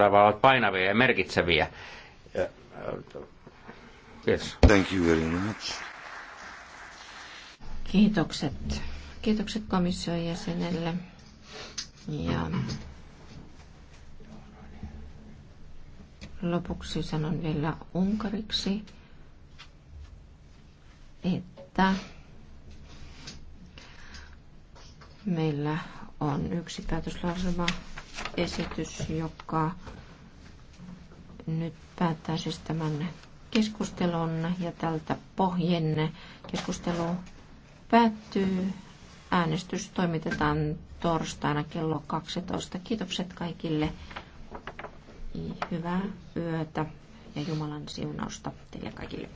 ovat painavia ja merkitseviä. Äh, yes. Thank you very much. Kiitokset. Kiitokset komission jäsenelle. Ja lopuksi sanon vielä unkariksi, että meillä on yksi päätöslauselma esitys, joka nyt päättää siis tämän keskustelun ja tältä pohjen keskustelu päättyy. Äänestys toimitetaan torstaina kello 12. Kiitokset kaikille. Hyvää yötä ja Jumalan siunausta teille kaikille.